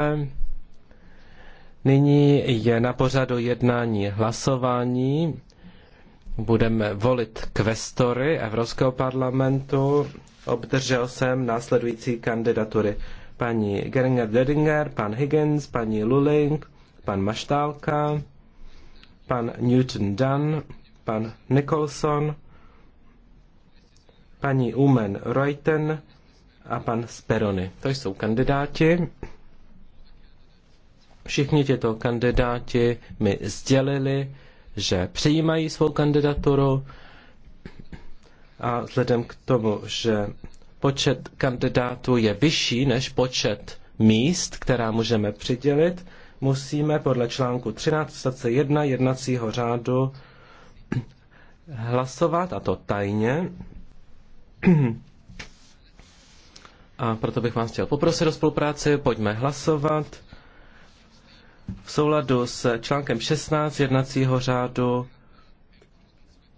Eh, nyní je na pořadu jednání hlasování. Budeme volit kvestory Evropského parlamentu. Obdržel jsem následující kandidatury. Paní Geringer Dedinger, pan Higgins, paní Luling, pan Maštálka, pan Newton Dunn, pan Nicholson, paní Umen Reuten a pan Sperony. To jsou kandidáti. Všichni těto kandidáti mi sdělili, že přijímají svou kandidaturu a vzhledem k tomu, že počet kandidátů je vyšší než počet míst, která můžeme přidělit, musíme podle článku 13 jednacího řádu hlasovat, a to tajně. A proto bych vás chtěl poprosit o spolupráci, pojďme hlasovat. V souladu s článkem 16 jednacího řádu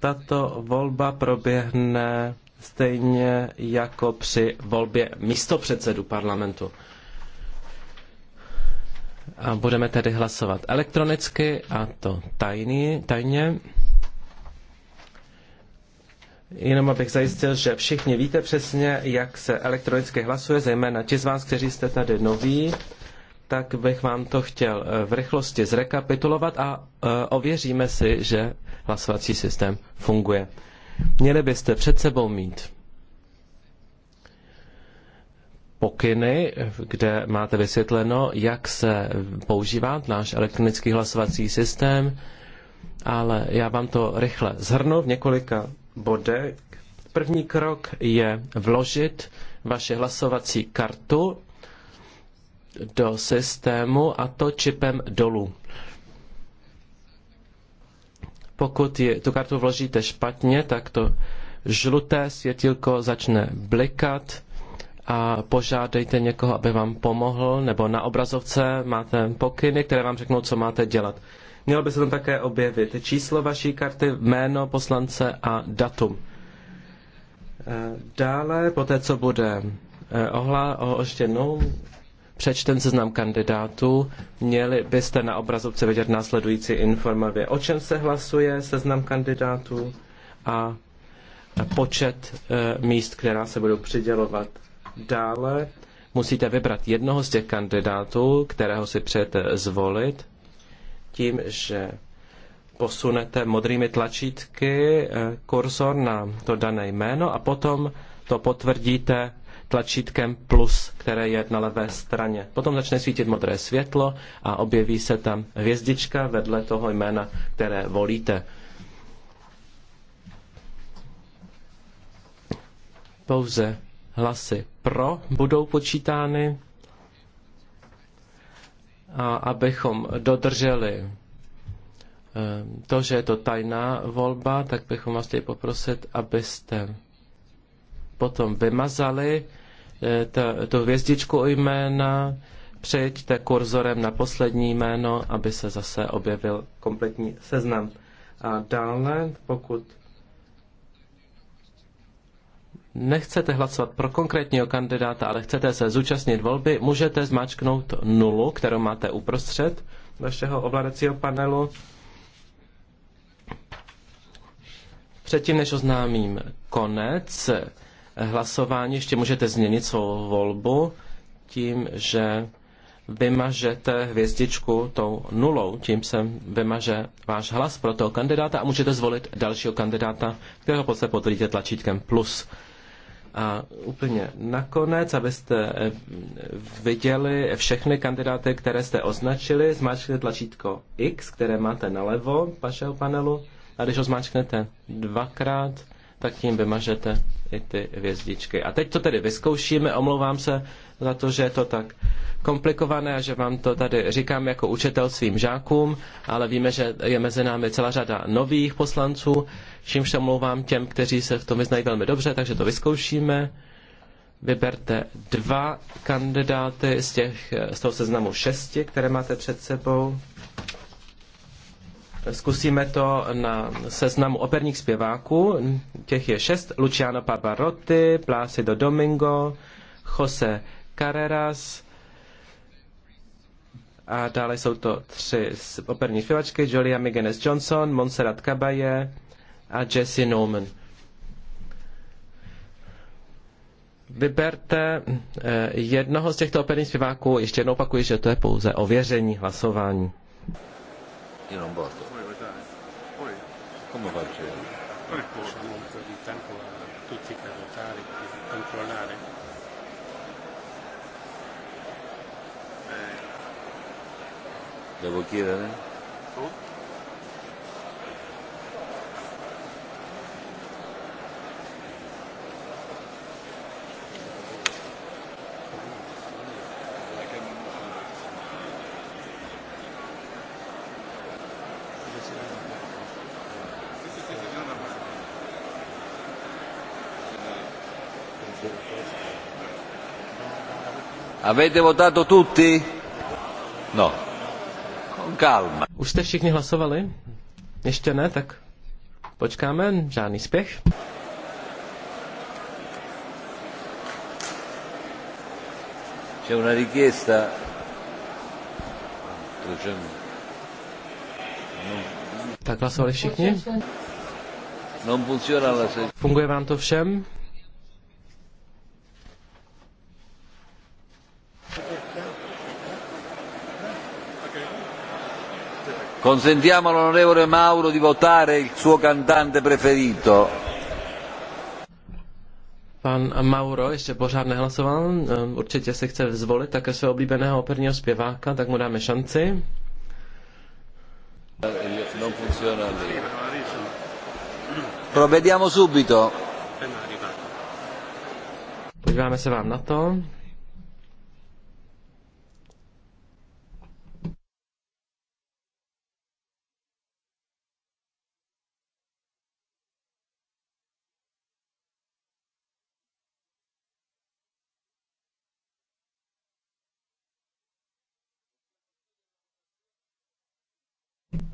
tato volba proběhne stejně jako při volbě místopředsedu parlamentu. A budeme tedy hlasovat elektronicky a to tajný, tajně. Jenom abych zajistil, že všichni víte přesně, jak se elektronicky hlasuje, zejména ti z vás, kteří jste tady noví tak bych vám to chtěl eh, v rychlosti zrekapitulovat a eh, ověříme si, že hlasovací systém funguje. Měli byste před sebou mít pokyny, kde máte vysvětleno, jak se používá náš elektronický hlasovací systém, ale já vám to rychle zhrnu v několika bodech. První krok je vložit vaše hlasovací kartu do systému a to čipem dolů. Pokud je, tu kartu vložíte špatně, tak to žluté světilko začne blikat a požádejte někoho, aby vám pomohl, nebo na obrazovce máte pokyny, které vám řeknou, co máte dělat. Mělo by se tam také objevit číslo vaší karty, jméno poslance a datum. Eh, dále, po té, co bude eh, ohla, ještě jednou přečten seznam kandidátů, měli byste na obrazovce vidět následující informace, o čem se hlasuje seznam kandidátů a počet e, míst, která se budou přidělovat dále. Musíte vybrat jednoho z těch kandidátů, kterého si přejete zvolit, tím, že posunete modrými tlačítky e, kursor na to dané jméno a potom to potvrdíte tlačítkem plus, které je na levé straně. Potom začne svítit modré světlo a objeví se tam hvězdička vedle toho jména, které volíte. Pouze hlasy pro budou počítány a abychom dodrželi eh, to, že je to tajná volba, tak bychom vás chtěli poprosit, abyste potom vymazali Eh, ta, to hvězdičku u jména, přejďte kurzorem na poslední jméno, aby se zase objevil kompletní seznam. A dále, pokud nechcete hlasovat pro konkrétního kandidáta, ale chcete se zúčastnit volby, můžete zmačknout nulu, kterou máte uprostřed vašeho ovládacího panelu. Předtím, než oznámím konec, hlasování ještě můžete změnit svou volbu tím, že vymažete hvězdičku tou nulou, tím se vymaže váš hlas pro toho kandidáta a můžete zvolit dalšího kandidáta, kterého poté potvrdíte tlačítkem plus. A úplně nakonec, abyste viděli všechny kandidáty, které jste označili, zmáčkněte tlačítko X, které máte nalevo vašeho panelu a když ho zmáčknete dvakrát, tak tím vymažete i ty hvězdičky. A teď to tedy vyzkoušíme, omlouvám se za to, že je to tak komplikované a že vám to tady říkám jako učitel svým žákům, ale víme, že je mezi námi celá řada nových poslanců, čím se omlouvám těm, kteří se v tom vyznají velmi dobře, takže to vyzkoušíme. Vyberte dva kandidáty z, těch, z toho seznamu šesti, které máte před sebou. Zkusíme to na seznamu operních zpěváků. Těch je šest. Luciano Pavarotti, Plácido Domingo, Jose Carreras, a dále jsou to tři operní zpěvačky, Julia Migenes Johnson, Montserrat Caballé a Jessie Norman. Vyberte eh, jednoho z těchto operních zpěváků, ještě jednou opakuji, že to je pouze ověření hlasování. Jenom to. Come va il di tempo a tutti per votare, per controllare. Devo chiedere? Oh? Avete votato tutti? No. Con calma. Už jste všichni hlasovali? Ještě ne, tak počkáme, žádný spěch. C'è una richiesta. Tak hlasovali všichni? Non funziona la Funguje vám to všem? Consentiamo all'onorevole Mauro di votare il suo cantante preferito. Pan Mauro ještě pořád nehlasoval, ehm, určitě se chce zvolit také svého oblíbeného operního zpěváka, tak mu dáme šanci. subito. Podíváme se vám na to.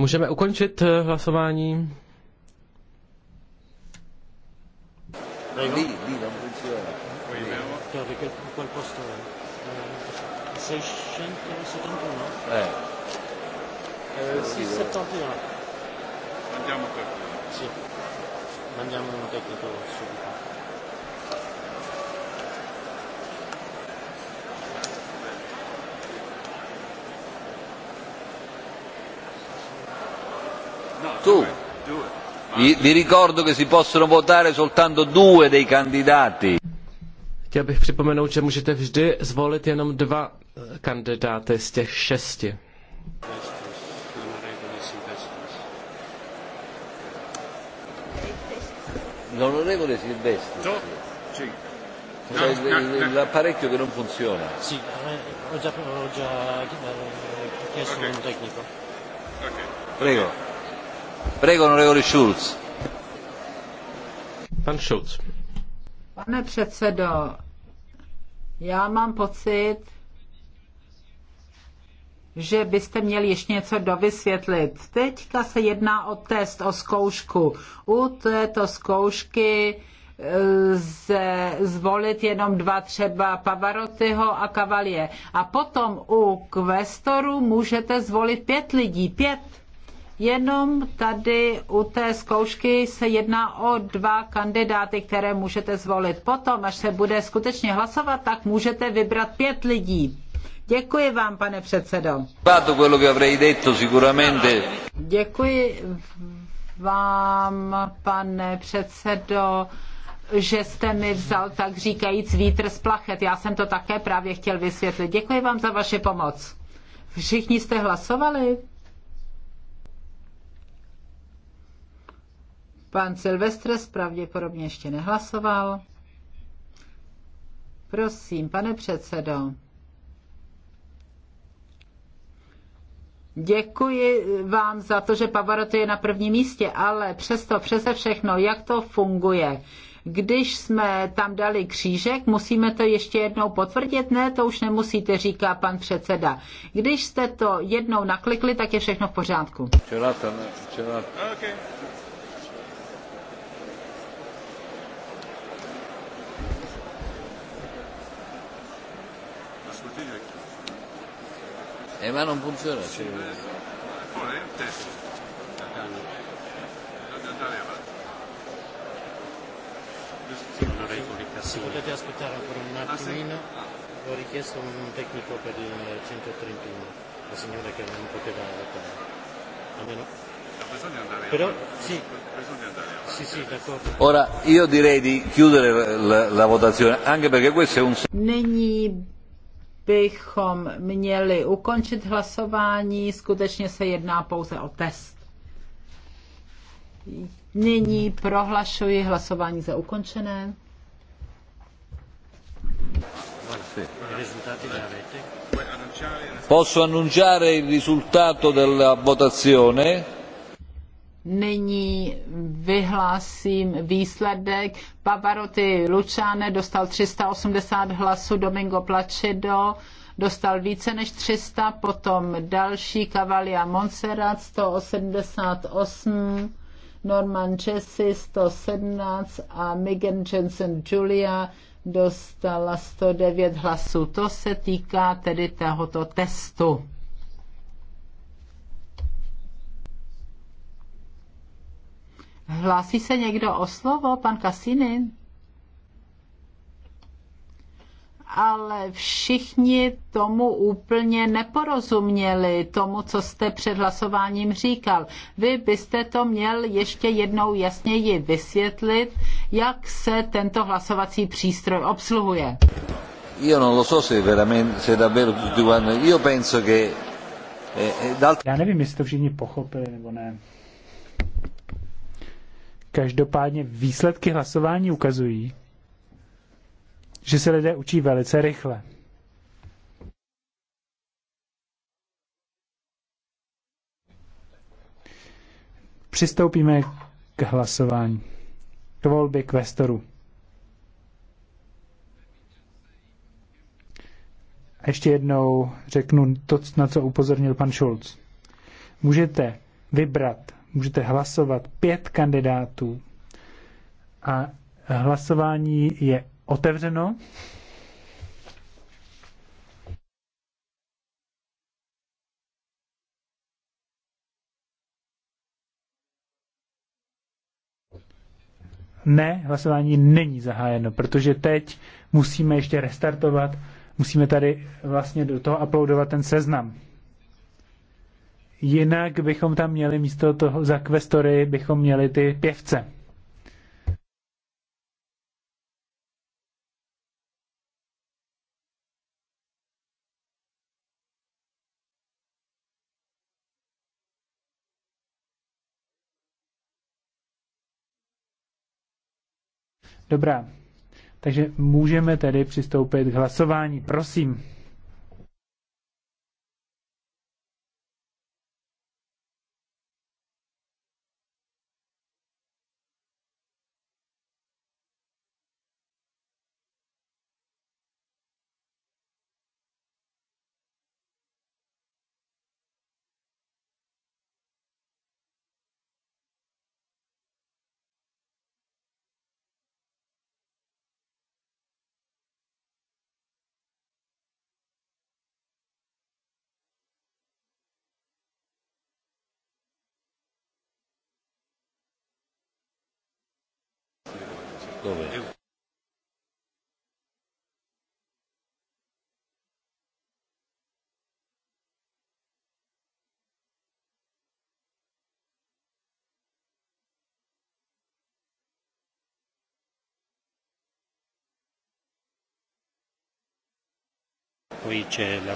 Můžeme ukončit hlasování? mandiamo un tecnico subito. tu. Vi, vi ricordo che si possono votare soltanto due dei candidati. Chtěl bych připomenout, že můžete vždy zvolit jenom dva eh, kandidáty z těch šesti. L'onorevole Silvestri. No. sì. C'è no, il, no, l'apparecchio che non funziona. Sì, eh, ho già, ho già eh, chiesto okay. un tecnico. Okay. Prego. Schulz. Pan Schulz. Pane předsedo, já mám pocit, že byste měli ještě něco dovysvětlit. Teďka se jedná o test, o zkoušku. U této zkoušky eh, ze, zvolit jenom dva třeba Pavarotyho a Kavalie. A potom u kvestorů můžete zvolit pět lidí. Pět Jenom tady u té zkoušky se jedná o dva kandidáty, které můžete zvolit. Potom, až se bude skutečně hlasovat, tak můžete vybrat pět lidí. Děkuji vám, pane předsedo. Děkuji vám, pane předsedo, že jste mi vzal tak říkajíc vítr z plachet. Já jsem to také právě chtěl vysvětlit. Děkuji vám za vaši pomoc. Všichni jste hlasovali? Pan Silvestres pravděpodobně ještě nehlasoval. Prosím, pane předsedo. Děkuji vám za to, že Pavarotti je na prvním místě, ale přesto přese všechno, jak to funguje? Když jsme tam dali křížek, musíme to ještě jednou potvrdit? Ne, to už nemusíte, říká pan předseda. Když jste to jednou naklikli, tak je všechno v pořádku. Čelata, ne, čelata. Okay. Eh ma non funziona. Sì. Pure il test. Bisogna andare avanti. Onorevoli Cassini. Potete aspettare ancora un attimino. Ah, sì? Ho richiesto un tecnico per il 131, la signora che non poteva votare. Almeno. Però, sì. Sì, sì, Ora io direi di chiudere la, la votazione, anche perché questo è un... Není bychom měli ukončit hlasování. Skutečně se jedná pouze o test. Nyní prohlašuji hlasování za ukončené. Posso annunciare il risultato della votazione? Nyní vyhlásím výsledek. Pavarotti Lučáne dostal 380 hlasů, Domingo Placido dostal více než 300, potom další Cavalia Montserrat 188, Norman Jesse 117 a Megan Jensen Julia dostala 109 hlasů. To se týká tedy tohoto testu. Hlásí se někdo o slovo? Pan Kasinin? ale všichni tomu úplně neporozuměli, tomu, co jste před hlasováním říkal. Vy byste to měl ještě jednou jasněji vysvětlit, jak se tento hlasovací přístroj obsluhuje. Io non lo so se veramente, io penso che... Eh, eh, Já nevím, jestli to všichni pochopili nebo ne. Každopádně výsledky hlasování ukazují, že se lidé učí velice rychle. Přistoupíme k hlasování, k volbě kvestoru. A ještě jednou řeknu to, na co upozornil pan Schulz. Můžete vybrat můžete hlasovat pět kandidátů a hlasování je otevřeno. Ne, hlasování není zahájeno, protože teď musíme ještě restartovat, musíme tady vlastně do toho uploadovat ten seznam. Jinak bychom tam měli místo toho za kvestory, bychom měli ty pěvce. Dobrá, takže můžeme tedy přistoupit k hlasování. Prosím. Dove? Qui c'è la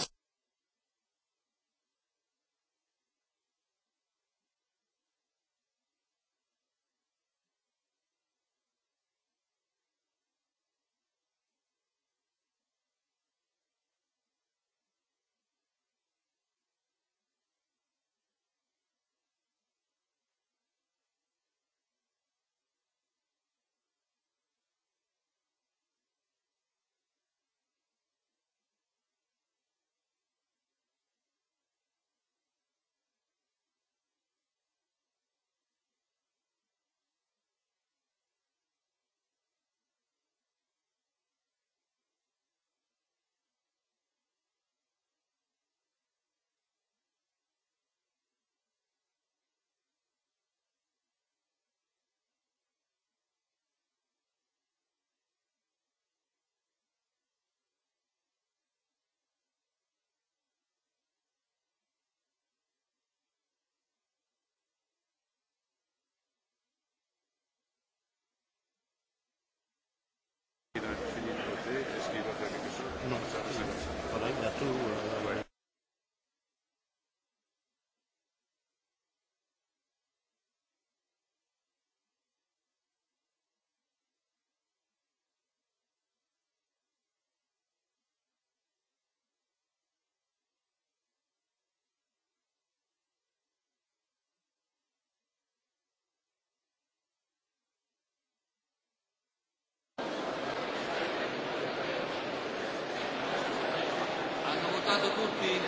tutti?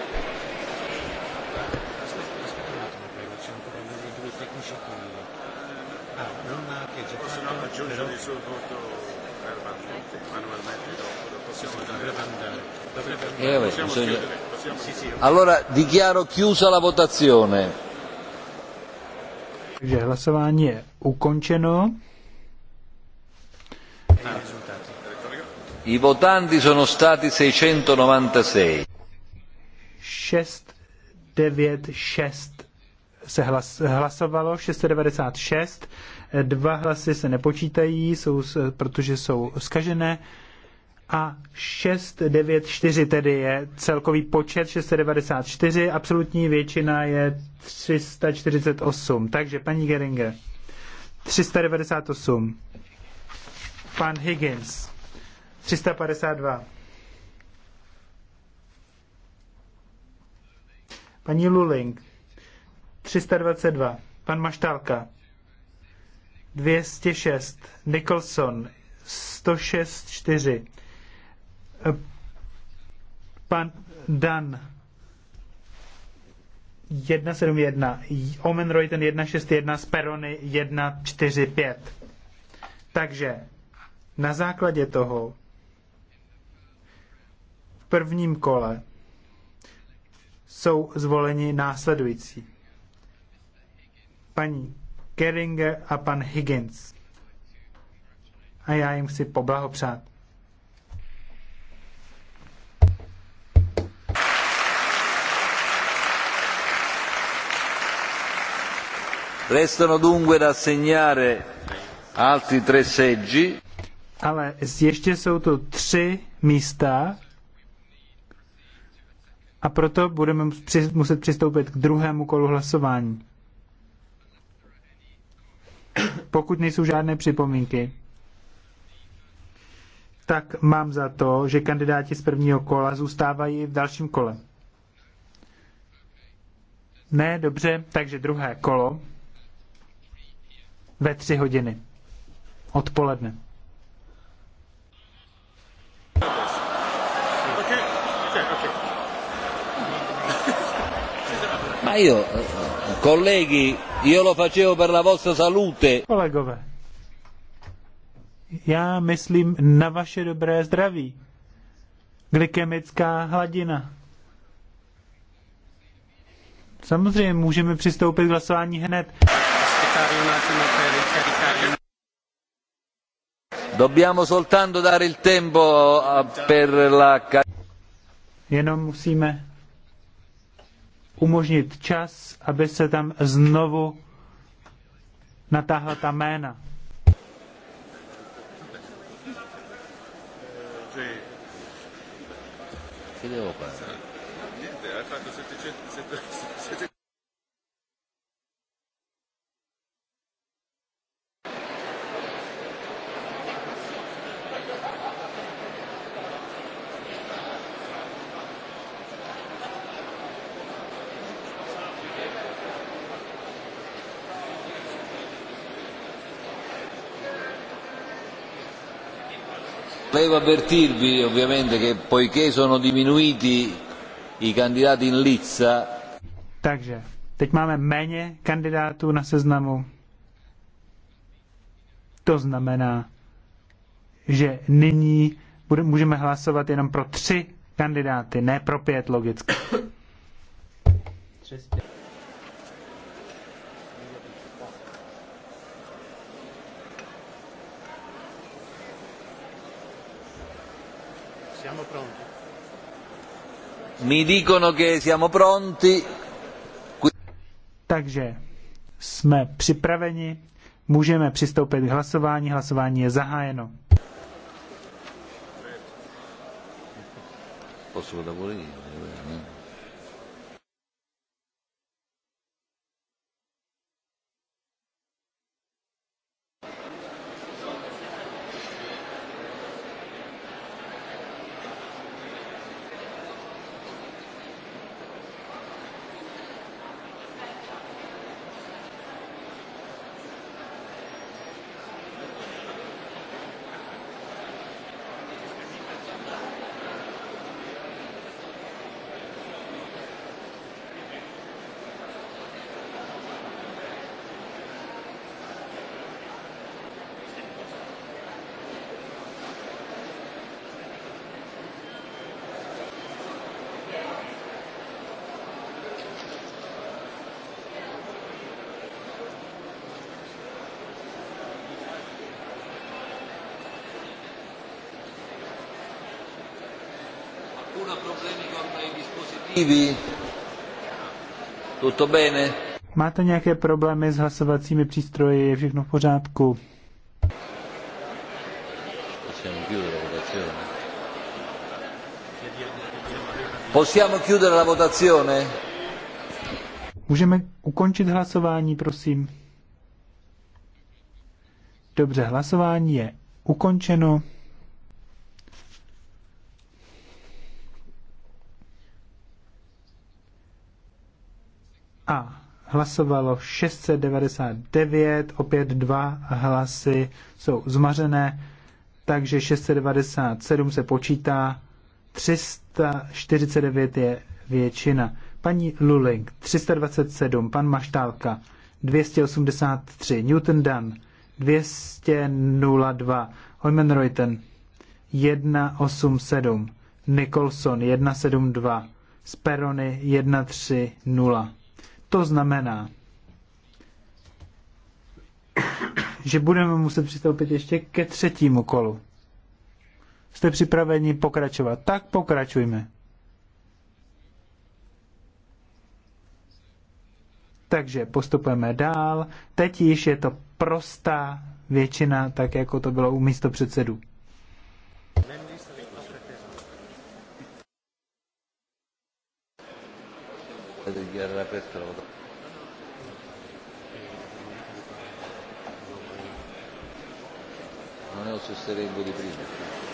tecnici Ah, non ha che già fatto... aggiungere il suo voto manualmente dopo, lo possiamo Dovrebbe andare. Dovrebbe andare. Eh, vabbè, possiamo bisogna... chiudere, possiamo sì, sì, Allora dichiaro chiusa la votazione. Takže hlasování je ukončeno. I votanti sono stati 696. 696 se hlas, hlasovalo, 696, dva hlasy se nepočítají, jsou, protože jsou skažené a 694 tedy je celkový počet 694, absolutní většina je 348. Takže paní Geringe, 398. Pan Higgins, 352. Paní Luling. 322. Pan Maštálka. 206. Nicholson. 106.4. Eh, pan Dan. 171. Omen Reuten 161. Sperony 145. Takže na základě toho v prvním kole jsou zvoleni následující. Paní Keringer a pan Higgins. A já jim chci poblahopřát. Restano dunque da segnare altri tre seggi. Ale ještě jsou tu tři místa a proto budeme muset přistoupit k druhému kolu hlasování. Pokud nejsou žádné připomínky, tak mám za to, že kandidáti z prvního kola zůstávají v dalším kole. Ne, dobře, takže druhé kolo ve tři hodiny odpoledne. Ma io, eh, eh, colleghi, io lo facevo per la vostra salute. Kolegové, já myslím na vaše dobré zdraví. Glykemická hladina. Samozřejmě můžeme přistoupit k hlasování hned. Dobbiamo soltanto dare il tempo eh, per la... Jenom musíme umožnit čas, aby se tam znovu natáhla ta jména. Kde Devo avvertirvi ovviamente che poiché sono diminuiti i candidati in Lizza. Takže, teď máme méně kandidátů na seznamu. To znamená, že nyní můžeme hlasovat jenom pro tři kandidáty, ne pro pět logicky. Siamo pronti. Mi dicono che siamo pronti. Takže jsme připraveni, můžeme přistoupit k hlasování, hlasování je zahájeno. Posso da volere, ancora problemi con i dispositivi? Tutto bene? Máte nějaké problémy s hlasovacími přístroji? Je všechno v pořádku? Possiamo chiudere la votazione? Můžeme ukončit hlasování, prosím. Dobře, hlasování je ukončeno. hlasovalo 699, opět dva hlasy jsou zmařené, takže 697 se počítá, 349 je většina. Paní Luling 327, pan Maštálka 283, Newton Dunn 202, Hojmen Reuten 187, Nicholson 172, Sperony 130 to znamená, že budeme muset přistoupit ještě ke třetímu kolu. Jste připraveni pokračovat? Tak pokračujme. Takže postupujeme dál. Teď již je to prostá většina, tak jako to bylo u místo předsedů. Devo dichiarare aperta la votazione. Non è lo stesso elenco di prima.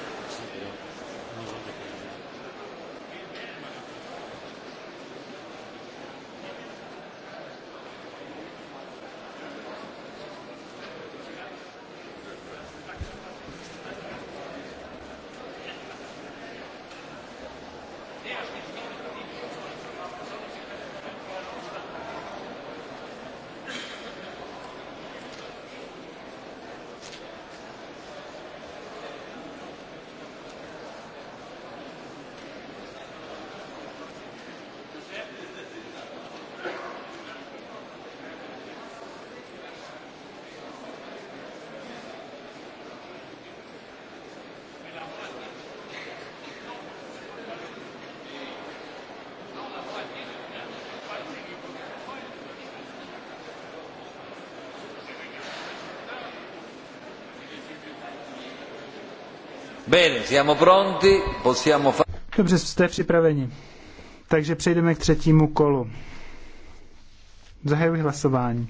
Dobře, jste připraveni. Takže přejdeme k třetímu kolu. Zahajuji hlasování.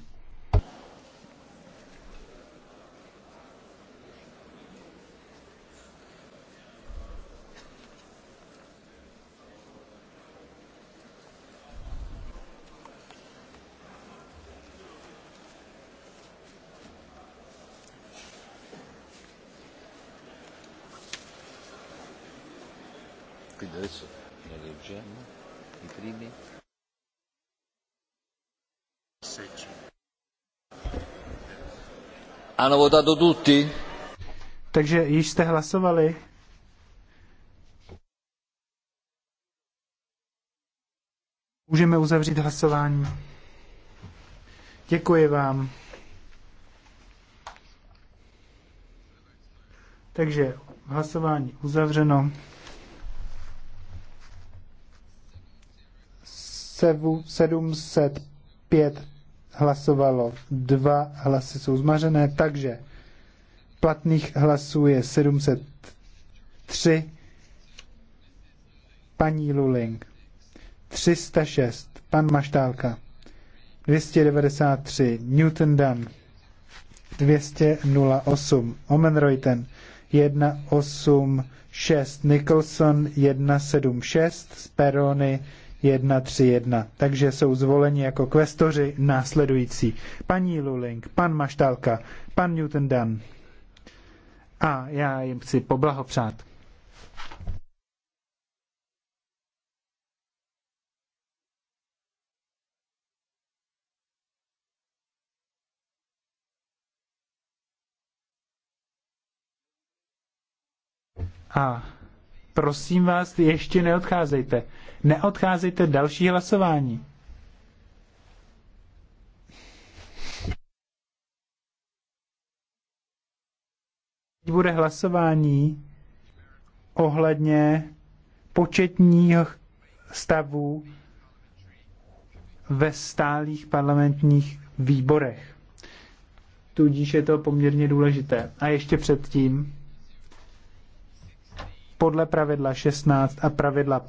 votato tutti? Takže již jste hlasovali? Můžeme uzavřít hlasování. Děkuji vám. Takže hlasování uzavřeno. Sevu 705 hlasovalo dva hlasy jsou zmařené, takže platných hlasů je 703 paní Luling, 306 pan Maštálka, 293 Newton Dunn, 208 Reuten 186 Nicholson, 176 Sperony, 131. Takže jsou zvoleni jako kvestoři následující. Paní Luling, pan Maštálka, pan Newton Dunn. A já jim chci poblahopřát. A prosím vás, ještě neodcházejte. Neodcházejte další hlasování. Bude hlasování ohledně početních stavů ve stálých parlamentních výborech. Tudíž je to poměrně důležité. A ještě předtím podle pravidla 16 a pravidla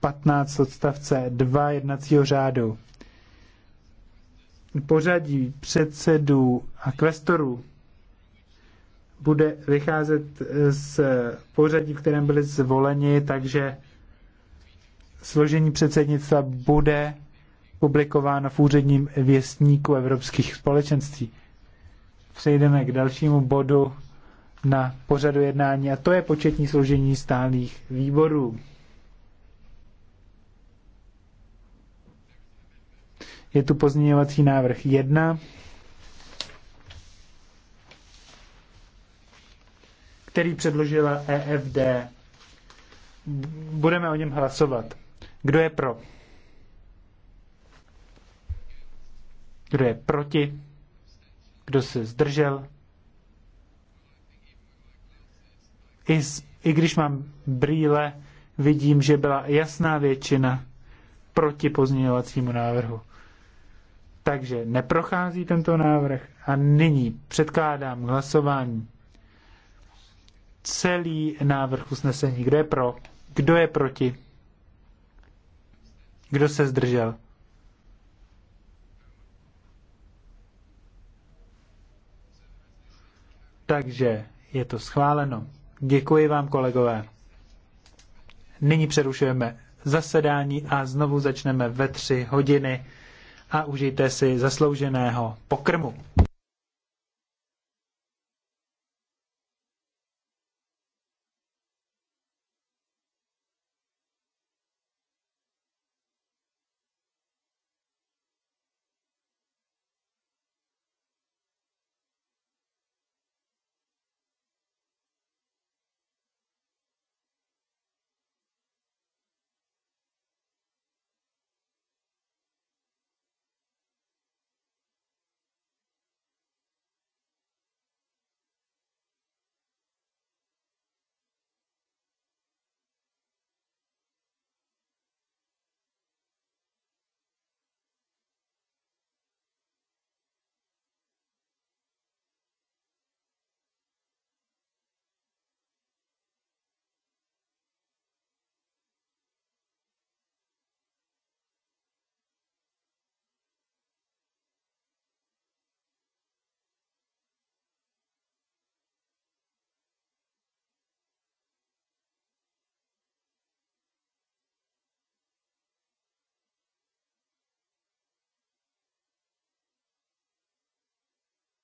15 odstavce 2 jednacího řádu. Pořadí předsedů a kvestorů bude vycházet z pořadí, v kterém byli zvoleni, takže složení předsednictva bude publikováno v úředním věstníku Evropských společenství. Přejdeme k dalšímu bodu na pořadu jednání a to je početní složení stálých výborů. Je tu pozměňovací návrh 1, který předložila EFD. Budeme o něm hlasovat. Kdo je pro? Kdo je proti? Kdo se zdržel? I, I když mám brýle, vidím, že byla jasná většina proti pozměňovacímu návrhu. Takže neprochází tento návrh a nyní předkládám hlasování celý návrh usnesení. Kdo je pro? Kdo je proti? Kdo se zdržel? Takže je to schváleno. Děkuji vám, kolegové. Nyní přerušujeme zasedání a znovu začneme ve tři hodiny a užijte si zaslouženého pokrmu.